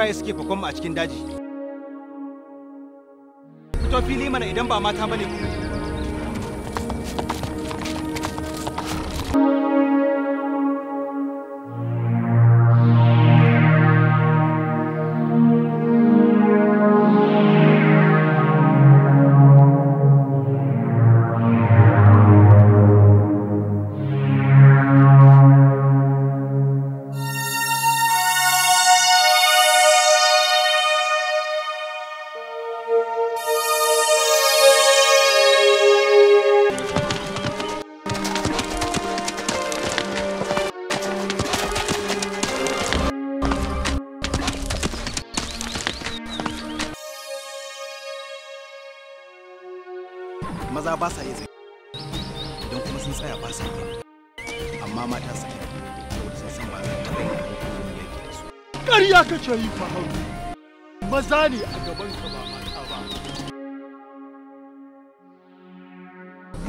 waye suke fa mu a cikin daji fito fili mana idan ba mata bane ku kake yi fa maza ne a gaban ka ba mata ba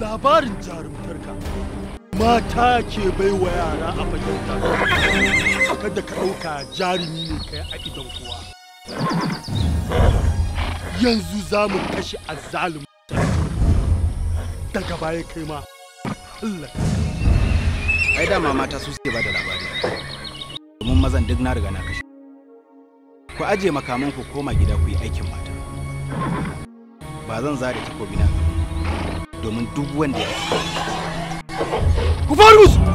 labarin jarumtarka mata ke bai wa yara a fagen ta kada ka ɗauka jarumi ne kai a idon kuwa. yanzu za mu kashe azzalum daga baya kai ma Allah ai dama mata su ce ba da labari domin mazan duk na riga na kashe ku aje makaman ku koma gida ku yi aikin mata ba zan zare takobi na domin duk wanda ya ku faru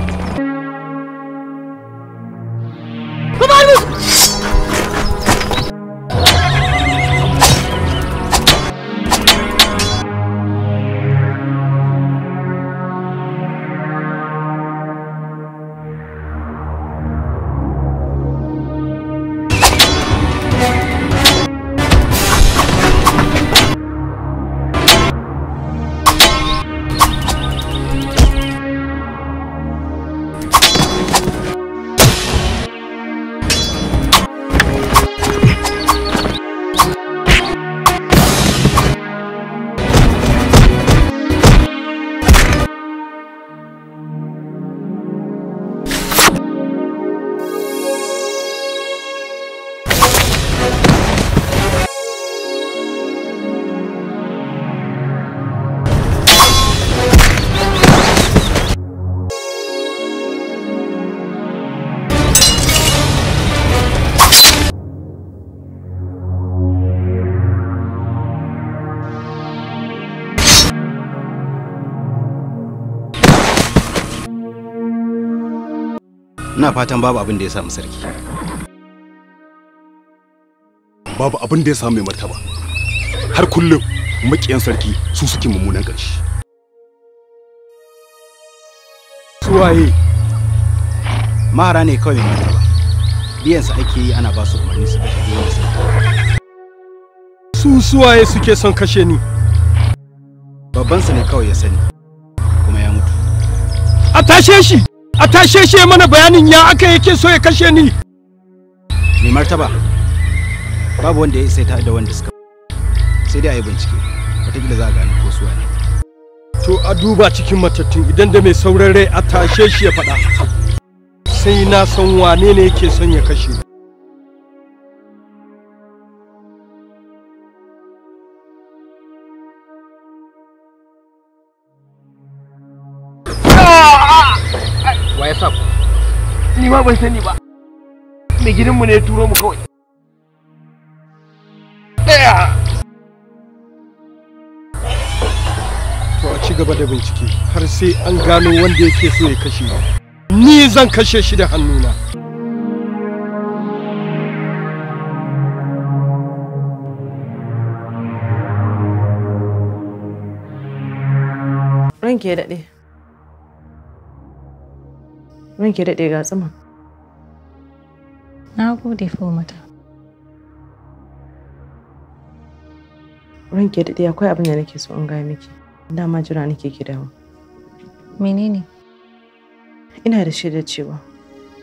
ina fatan babu abin da ya samu sarki babu abin da ya samu mai martaba har kullum makiyan sarki su suke mummunan ƙarshe suwaye mahara ne kawai mai martaba biyansa ake yi ana ba su umarni su kashe biyan su suwaye suke son kashe ni Babban sa ne kawai ya sani kuma ya mutu a tashe shi a tashe shi mana bayanin ya aka yake so ya kashe ni mai martaba babu wanda ya isa ta da wanda suka sai dai a yi bincike wataƙila za a gane ko suwa ne to a duba cikin matattun idan da mai sauran rai a tashe shi ya faɗa sai na san wane ne yake son ya kashe ni ban sani ba mai gidanmu ne turo mu kawai ɗaya to a ci gaba da bincike har sai an gano wanda yake so ya kashe ni zan kashe shi da hannuna ranke daɗe ranke daɗe ga tsima Na gode mata. Ranke daɗi akwai abin da nake so in gaya miki. Dama jira nake ki dawo. Menene? Ina da shaidar cewa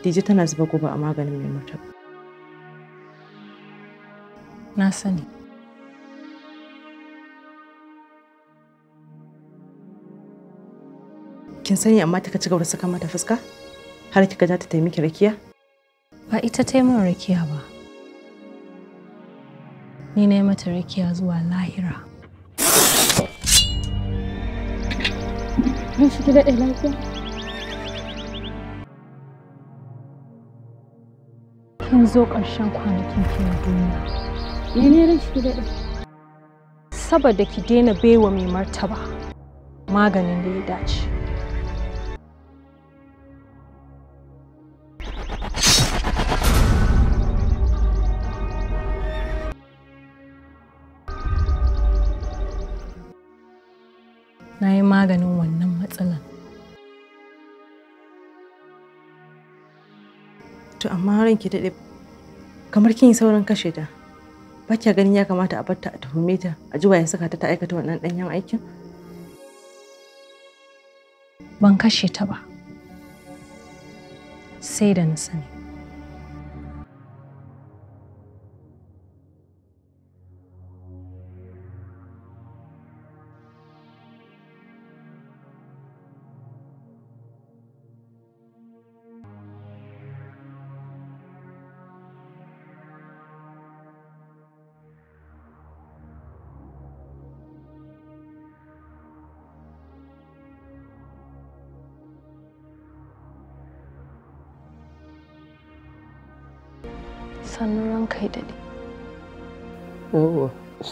Dije tana zuba guba a maganin mai mutum. Na sani. Kin sani amma kika ci gaba da saka mata fuska? Har kika ja ta taimaki rakiya? ba ita ta min rakiya ba ni na mata rakiya zuwa lahira shi gida lafiya kin zo ƙarshen kwanakin ki na duniya mene ne shi gida saboda ki daina baiwa mai martaba maganin da ya dace To amma ki daɗe kamar kin yi saurin kashe ta. Ba kya ganin ya kamata a batta a tuhume ta a ji wayan saka ta ta aikata wannan ɗanyen aikin? Ban kashe ta ba. Sai da na sani.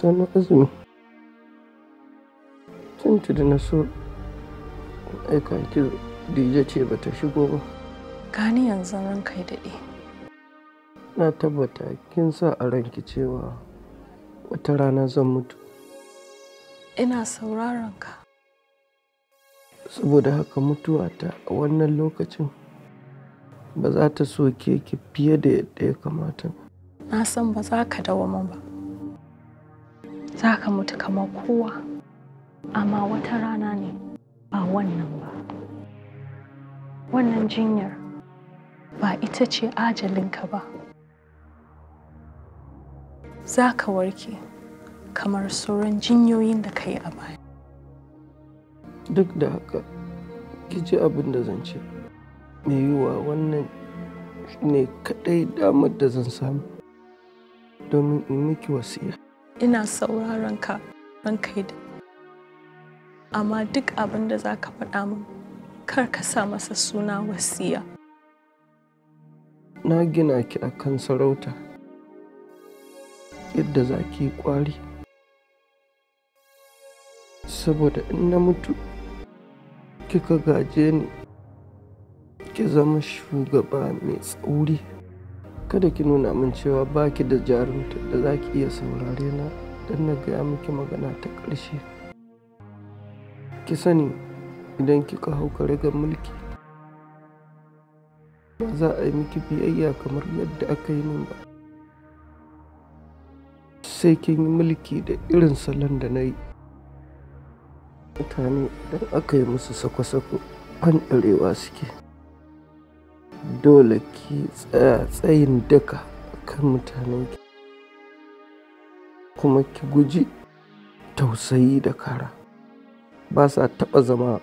sani azumi tuntuni na so aika ki dije ce ta shigo ba gani yanzu ran kai daɗe na tabbata kin sa a ranki cewa wata rana zan mutu ina sauraron ka saboda haka mutuwa ta a wannan lokacin ba za ta soke ki fiye da yadda ya kamata na san ba za ka dawama ba za ka mutu kamar kowa amma wata rana ne ba wannan ba wannan jinyar ba ita ce ajalinka ba za ka warke kamar sauran jinyoyin da ka yi a baya duk da haka ki ji abin da zan ce mai yiwuwa wannan ne kadai damar da zan samu domin in miki wasiya ina sauraron ka ranka da amma duk abin da za ka faɗa min kar ka sa masa suna wasiya na gina ki a kan sarauta yadda za ki yi saboda in na mutu kika gaje ni ki zama shugaba mai tsauri kada ki nuna min cewa baki da jarumta da za ki iya saurare na don na gaya miki magana ta ƙarshe ki sani idan kika hau ga mulki ba za a yi miki biyayya kamar yadda aka yi min ba sai kin yi mulki da irin salon da na yi mutane idan aka yi musu sako-sako kan ɗarewa suke dole ki tsaya tsayin daka kan mutanen ki kuma ki guji tausayi da kara ba sa taɓa zama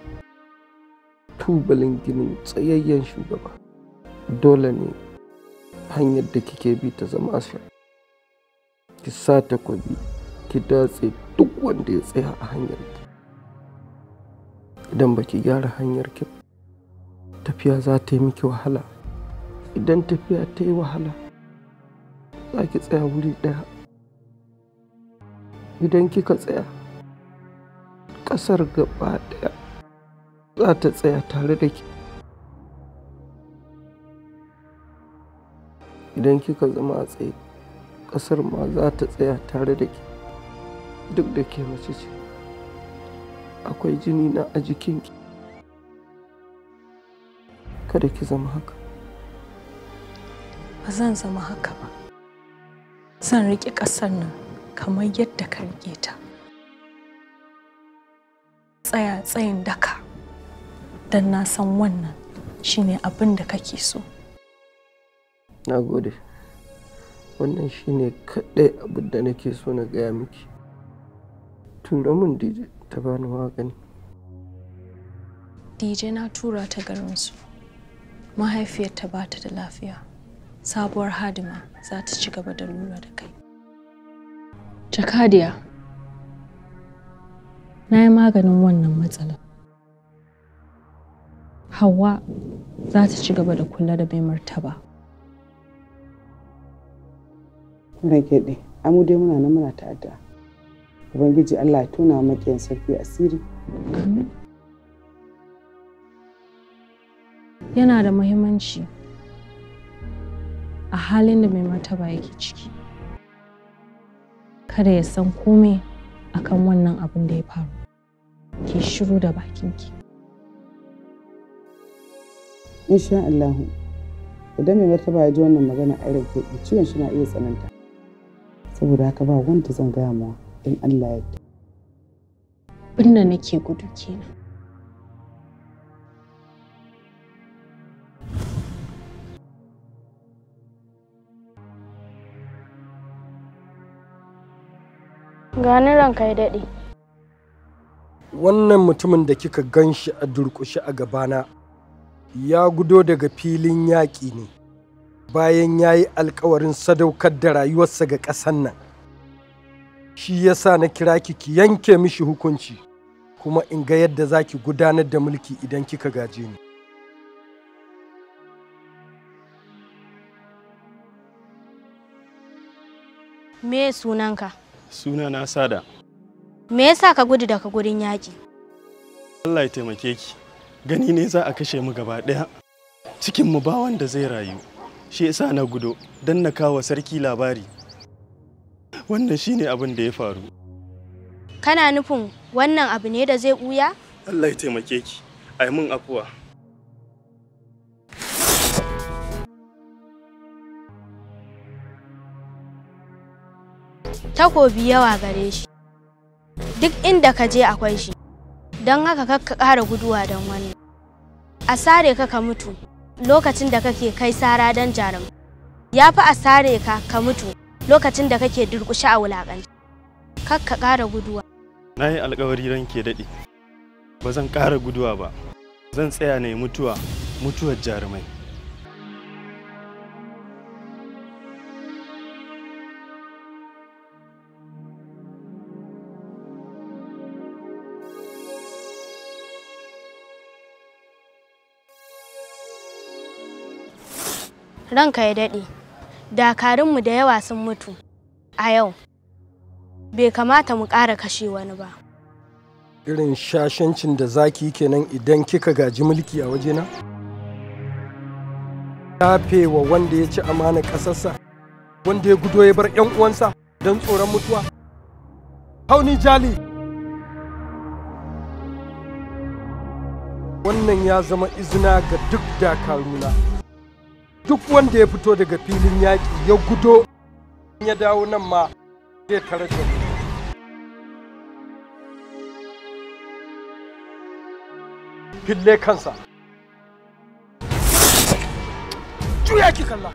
tubalin ginin tsayayyen shugaba dole ne hanyar da kike bi ta zama asha ki sa ta takobi ki datse duk wanda ya tsaya a hanyar ki idan ba ki gyara hanyar ki tafiya za ta yi miki wahala idan tafiya ta yi wahala za ki tsaya wuri ɗaya idan kika tsaya ƙasar gaba ɗaya za ta tsaya tare da ki idan kika zama a tsaye ƙasar ma za ta tsaya tare da ki duk da ke mace ce akwai jini na a jikinki kada ki zama haka ba zan zama haka ba zan riƙe ƙasar nan kamar yadda ka riƙe ta tsaya tsayin daka don na san wannan shine abin da kake so na gode wannan shine kaɗai abin da nake so na gaya miki tura min dj ta bani magani. dije na tura ta garinsu mahaifiyarta ba ta da lafiya sabuwar hadima za ta ci gaba da lura da kai jakadiya na yi maganin wannan matsala hawa za ta ci gaba da kula da bai martaba rage amu dai muna nan muna ta'adda ubangiji allah ya tona maƙiyan sarki asiri yana da muhimmanci a halin da mai martaba yake ciki kada ya san komai akan wannan abin da ya faru Ke shiru da bakinki insha Allah idan mai martaba ya ji wannan magana a rage ciwon shi na iya tsananta saboda haka ba wanda zan gaya ma in Allah ya yarda nake gudu kenan Gani ranka ya daɗe. Wannan mutumin da kika ganshi a durƙushe a gabana ya gudo daga filin yaƙi ne bayan ya yi alkawarin sadaukar da rayuwarsa ga ƙasan nan. Shi ya sa na kira ki ki yanke mishi hukunci kuma in ga yadda zaki gudanar da mulki idan kika gaje ni. Me sunanka? Suna na Sada. Me yasa ka gudu daga gurin yaƙi? Allah ya taimake ki. Gani ne za a kashe mu gaba ɗaya. Cikin mu ba wanda zai rayu. Shi yasa na gudo don na kawo sarki labari. Wannan shine abin da ya faru. Kana nufin wannan abu ne da zai ɓuya? Allah ya taimake ki. Ai mun afuwa. takobi yawa gare shi duk inda ka je akwai shi don haka ka ƙara guduwa don wannan a sare ka ka mutu lokacin da kake kai sara don jarum ya fi a sare ka ka mutu lokacin da kake durƙushe a wulaƙanci ka ƙara guduwa na yi alkawari ran ke daɗe ba zan ƙara guduwa ba zan tsaya ne mutuwa mutuwar jarumai ranka ya daɗe dakarunmu da yawa sun mutu a yau bai kamata mu ƙara kashe wani ba irin shashancin da zaki kenan idan kika gaji mulki a wajena wa wanda ya ci amana ƙasarsa wanda ya gudo ya bar 'yan uwansa don tsoron mutuwa hauni jali wannan ya zama izina ga duk dakaruna duk wanda ya fito daga filin yaƙi ya gudo ya dawo nan ma zai tare da mu fille kansa juya ki kalla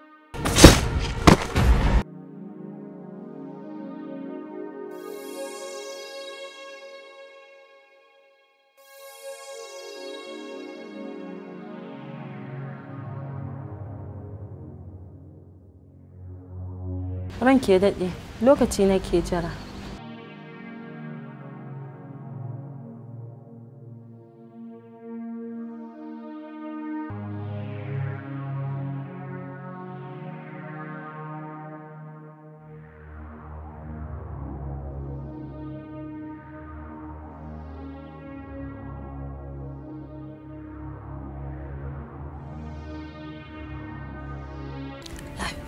ranki ya daɗe lokaci nake jira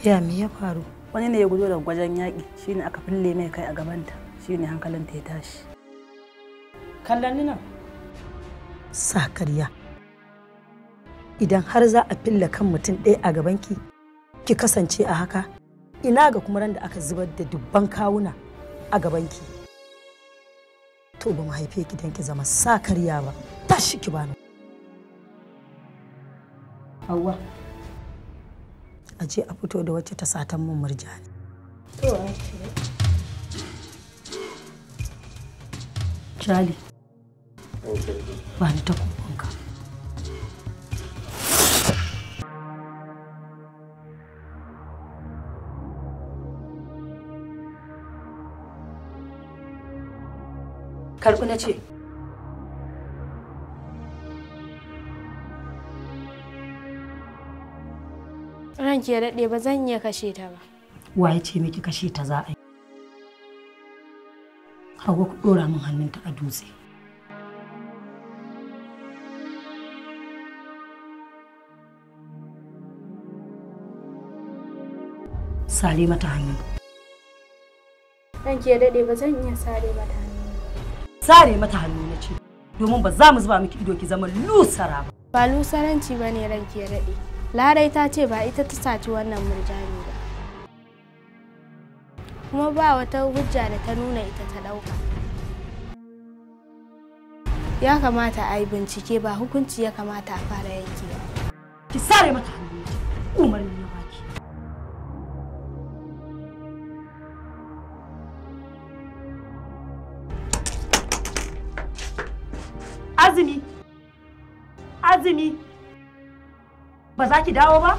lafiya me ya faru wani ne ya gudu daga gwajen yaƙi shine aka fille mai kai a gabanta shine ta ya tashi kallon nan sa karya idan har za a fille kan mutum ɗaya a gabanki ki kasance a haka ina ga kuma ran da aka zubar da dubban kawuna a gabanki to ba mu haife ki don ki zama sa karya ba tashi ki bani Hauwa. a je a fito da wacce ta satan mun murjani. Jali, ba ni ta kukunka. Karɓi na ce, ranki ya daɗe ba zan iya kashe ta ba. Waye ce miki kashe ta za a yi? Hauwa ku ɗora min hannunta a dutse. Sare mata hannu. Ranki ya daɗe ba zan iya sare mata hannu. Sare mata hannu na ce, domin ba za mu zuba miki ido ki zama lusara ba. Ba lusaranci ba ne ranki ya daɗe. larai ta ce ba ita ta saci wannan murjani ba kuma ba wata hujja da ta nuna ita ta ɗauka ya kamata a yi bincike ba hukunci ya kamata a fara yanke ba ki sare mata hannu umarni ya baki azumi azumi ba za ki dawo ba?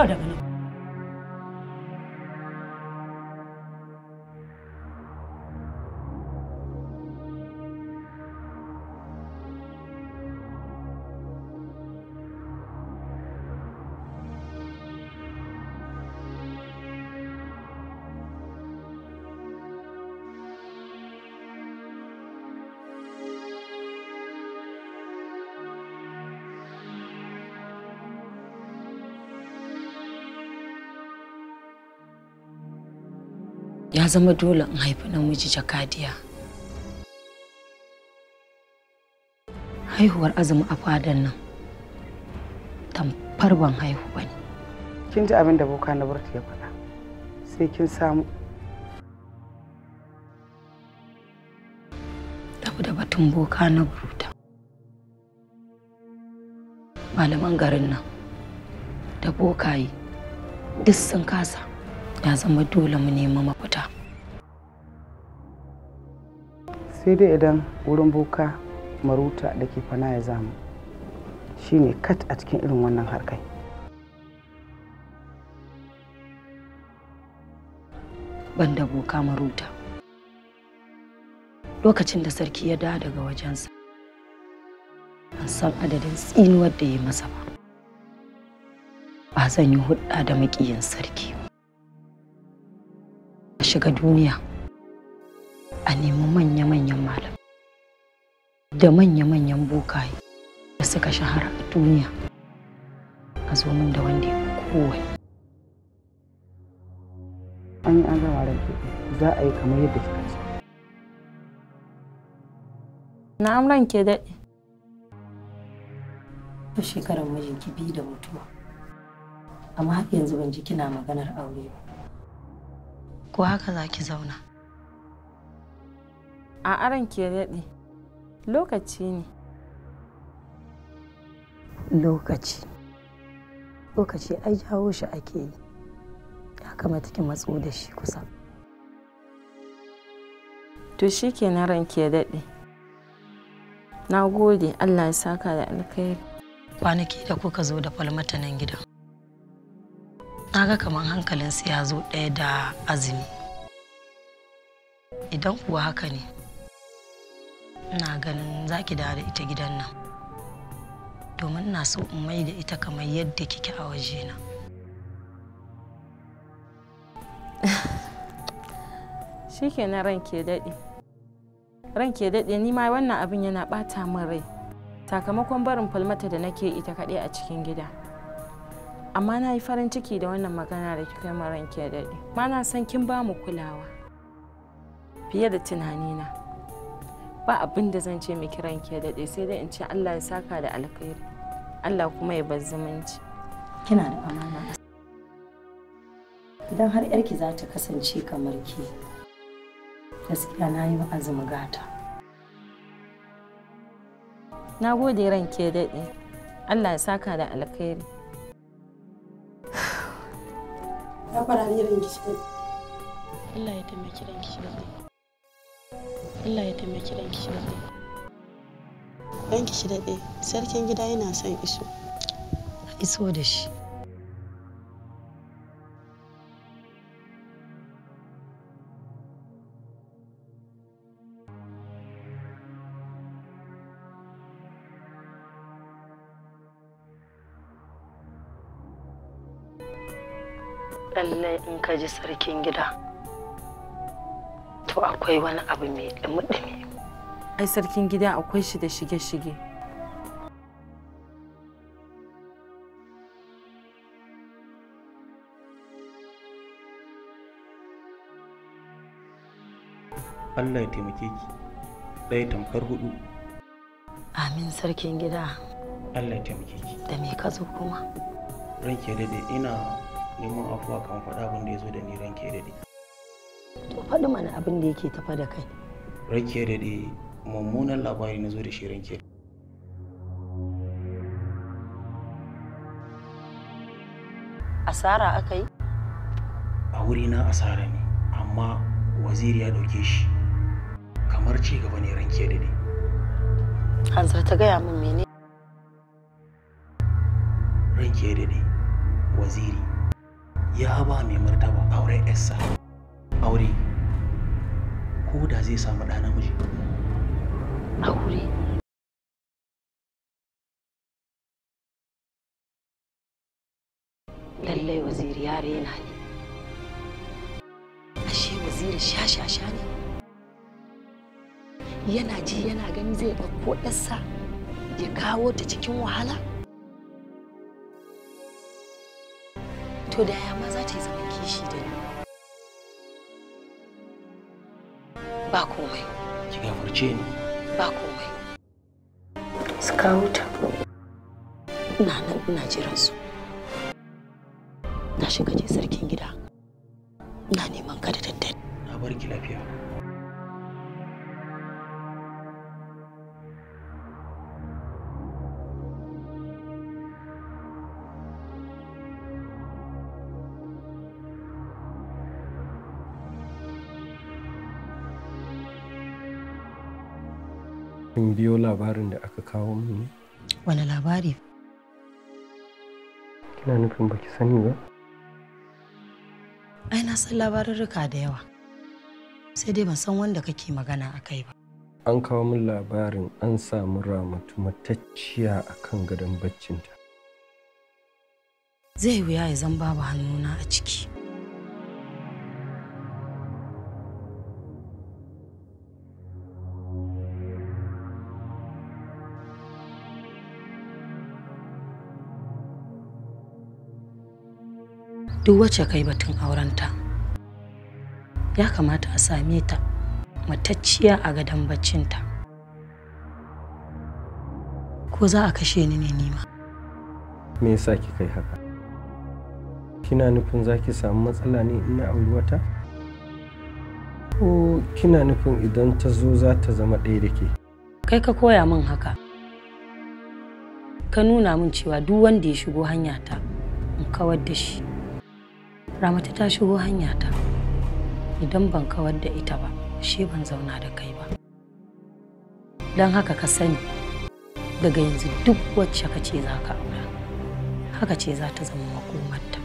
Should have ya zama dole in haifi namiji jakadiya haihuwar azumi a fadan nan tamfar ban haihu ba ne kin ji abin da boka na burta ya faɗa sai kin samu Tabu da batun boka na burta malaman garin nan da bokaye duk sun kasa ya zama dole mu nemi mafita sai dai idan wurin boka maruta da ke fana ya zamu shine kat a cikin irin wannan harkai banda boka maruta lokacin da sarki ya dawo daga wajensa ban san adadin tsinuwar da ya masa ba ba zan yi hudda da maƙiyin sarki ba shiga duniya a nemi manya-manyan malam da manya-manyan bukaye da suka shahara a duniya a zo min da wanda ya kowai. An yi an gama rage za a yi kamar yadda suka ce. Na amuran ke daɗe. Ta shekarar mijinki biyu da mutuwa. Amma yanzu ban ji kina maganar aure ba. ko haka za ki zauna a aran ke daɗe lokaci ne lokaci lokaci ai jawo shi ake yi ya kamata ki matso da shi kusa to shi ke na ran ke daɗe na gode allah ya saka da alkhairi kwanaki da kuka zo da falmata nan gidan na ga kamar sai ya zo ɗaya da azumi idan kuwa haka ne ina ganin za ki da ita gidan nan domin na so in mai da ita kamar yadda kike a waje shi ke na ranke daɗe ranke daɗe ni ma wannan abin yana ɓata min rai sakamakon barin falmata da nake ita kaɗai a cikin gida amma na yi farin ciki da wannan magana da kika yi ranki ma na san kin ba mu kulawa fiye da tunanina ba abin da zan ce miki ranki ke sai dai in ce Allah ya saka da alkhairi Allah kuma ya bar zumunci kina da amana idan har yarki za ta kasance kamar ki gaskiya na yi azumi gata na gode ran ya Allah ya saka da alkhairi Ya fara ni ran Allah ya taimaki ranki shi da Allah ya taimaki ranki da Ranki shi sarkin gida yana son iso. Iso da shi. lallai in ka ji sarkin gida to akwai wani abu mai dumi-dumi ai sarkin gida akwai shi da shige-shige Allah ya taimake ki ɗaya tamkar hudu amin sarkin gida Allah ya taimake ki da me ka zo kuma ranke da ina neman afuwa kan faɗa abin da ya zo da ni ranke da ɗi. To faɗi mana abin da yake tafa da kai. Ranke da ɗi mummunan labari na zo da shi ranke da Asara aka yi? A wurina asara ne, amma waziri ya ɗauke shi kamar ci gaba ne ranke da ɗi. Hanzar ta gaya min mene? Ranke da ɗi, waziri ya ba mai martaba auren yarsa aure ko da zai samu ɗa namiji aure lallai waziri ya rena ne ashe waziri shashasha ne yana ji yana gani zai ɗauko ɗarsa ya kawo ta cikin wahala to da yaya za ta yi zaman kishi da ni ba komai ki ga furce ni ba komai su kawo ta ina nan ina jiran su na shiga je sarkin gida ina neman ka da daddare na bar ki lafiya biyo labarin da aka kawo mini? Wani labari? Kina nufin baki sani ba? Ai na san labarurruka da yawa. Sai dai ban san wanda kake magana a kai ba. An kawo min labarin an samu ramatu matacciya a kan gadon baccinta. Zai wuya ya zan babu hannuna a ciki. duk wacce kai batun aurenta ya kamata a same ta matacciya a gadon baccinta ko za a kashe ni ne nima me yasa ki kai haka kina nufin za ki samu matsala ne ina auri wata ko kina nufin idan ta zo za ta zama ɗaya da ke kai ka koya min haka ka nuna min cewa duk wanda ya shigo hanyata in kawar da shi Ramatu ta shigo hanyata. Idan ban kawar da ita ba, shi ban zauna da kai ba. Don haka ka sani, daga yanzu duk wacce ka ce za ka aura, haka ce za ta zama makomarta.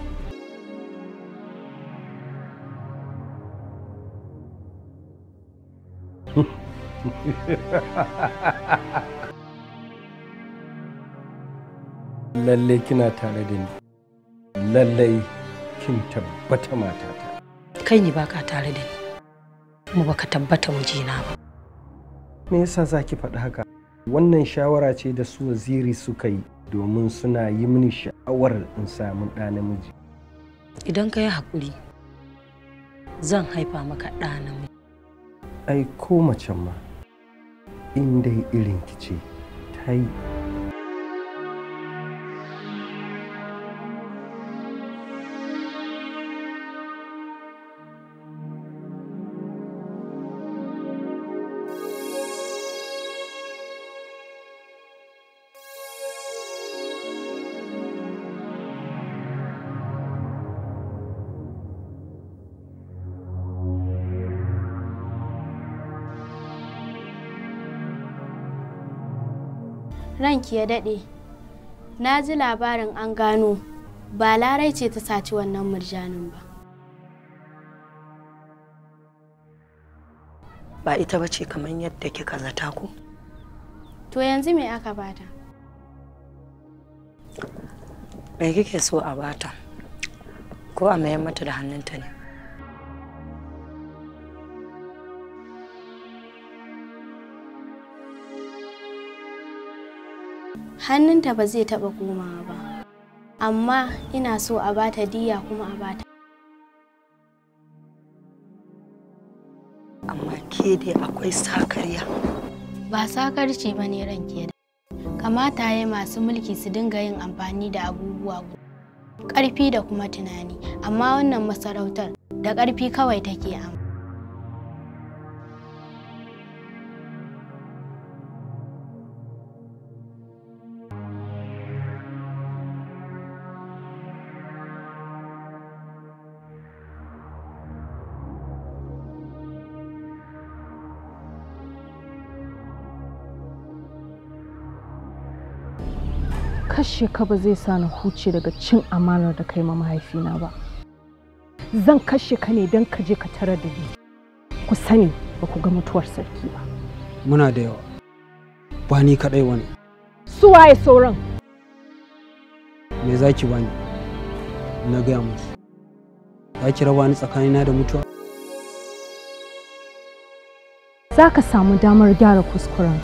Lallai kina tare da ni. Lallai kin tabbata matata kai ne baka tare da ni kuma baka tabbata mijina ba me yasa za ki faɗi haka wannan shawara ce da su waziri suka yi domin suna yi mini sha'awar in samu ɗa namiji idan ka yi haƙuri zan haifa maka ɗa namiji ai ko macen ma in dai irin ki ce ta yi ranki ya daɗe na ji labarin an gano ba larai ce ta saci wannan murjanin ba ba ita ba ce kamar yadda kika zata ku to yanzu me aka bata me kike so a bata ko a mayar mata da hannunta ne hannunta ba zai taba komawa ba amma ina so a bata diya kuma a bata amma ke dai akwai sakarya ba sakarci ba ne ranke da kamata ya masu mulki su dinga yin amfani da abubuwa karfi da kuma tunani amma wannan masarautar da karfi kawai take amma tashi ka ba zai sa na huce daga cin amanar da kai ma mahaifina ba zan kashe ka ne don ka je ka tarar da ni ku sani ba ku ga mutuwar sarki ba muna da yawa ba ni kaɗai wani su waye sauran me za ki bani na gaya musu za ki raba ni tsakanina da mutuwa za ka samu damar gyara kuskuren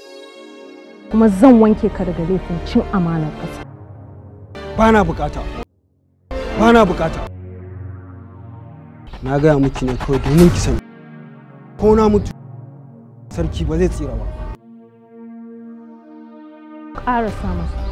kuma zan wanke ka daga laifin cin amanar ƙasa Bana bukata bana na bukata na gaya miki ne kawai domin ki sani ko na mutu sarki ba zai tsira ba ƙarasa masa